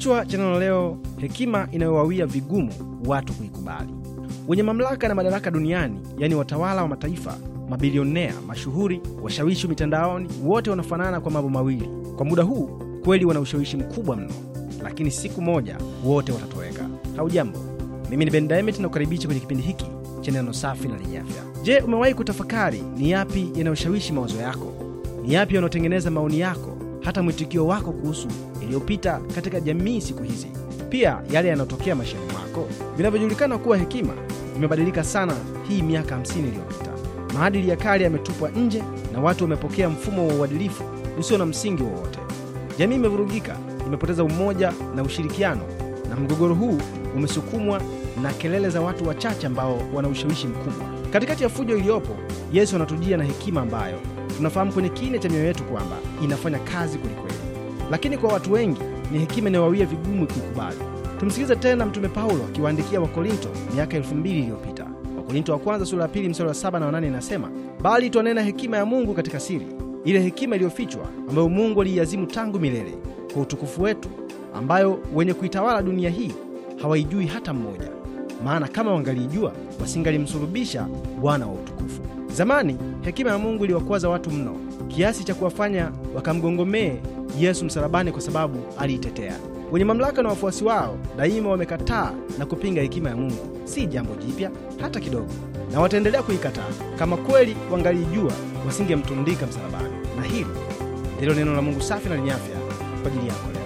Kichwa cha neno leo: hekima inayowawia vigumu watu kuikubali. Wenye mamlaka na madaraka duniani, yaani watawala wa mataifa, mabilionea, mashuhuri, washawishi mitandaoni, wote wanafanana kwa mambo mawili. Kwa muda huu kweli wana ushawishi mkubwa mno, lakini siku moja wote watatoweka. Haujambo, mimi ni Ben na nakukaribisha kwenye kipindi hiki cha neno safi na lenye afya. Je, umewahi kutafakari ni yapi yanayoshawishi mawazo yako? Ni yapi yanayotengeneza maoni yako, hata mwitikio wako kuhusu yaliyopita katika jamii siku hizi, pia yale yanayotokea maishani mwako. Vinavyojulikana kuwa hekima vimebadilika sana hii miaka 50 iliyopita. Maadili ya kale yametupwa nje na watu wamepokea mfumo wa uadilifu usio na msingi wowote. Jamii imevurugika, imepoteza umoja na ushirikiano, na mgogoro huu umesukumwa na kelele za watu wachache ambao wana ushawishi mkubwa. Katikati ya fujo iliyopo, Yesu anatujia na hekima ambayo tunafahamu kwenye kina cha mioyo yetu kwamba inafanya kazi kwelikweli lakini kwa watu wengi ni hekima inayowawia vigumu kuikubali. Tumsikilize tena Mtume Paulo akiwaandikia Wakorinto miaka elfu mbili iliyopita. Wakorinto wa kwanza sura ya pili mstari wa saba na wanane inasema, bali twanena hekima ya Mungu katika siri, ile hekima iliyofichwa ambayo Mungu aliiazimu tangu milele kwa utukufu wetu, ambayo wenye kuitawala dunia hii hawaijui hata mmoja, maana kama wangaliijua wasingalimsulubisha Bwana wa utukufu. Zamani hekima ya Mungu iliwakwaza watu mno kiasi cha kuwafanya wakamgongomee Yesu msalabani kwa sababu aliitetea. Wenye mamlaka na wafuasi wao daima wamekataa na kupinga hekima ya Mungu, si jambo jipya hata kidogo, na wataendelea kuikataa. Kama kweli wangaliijua wasingemtundika msalabani. Na hili ndilo neno la Mungu safi na lenye afya kwa ajili yako.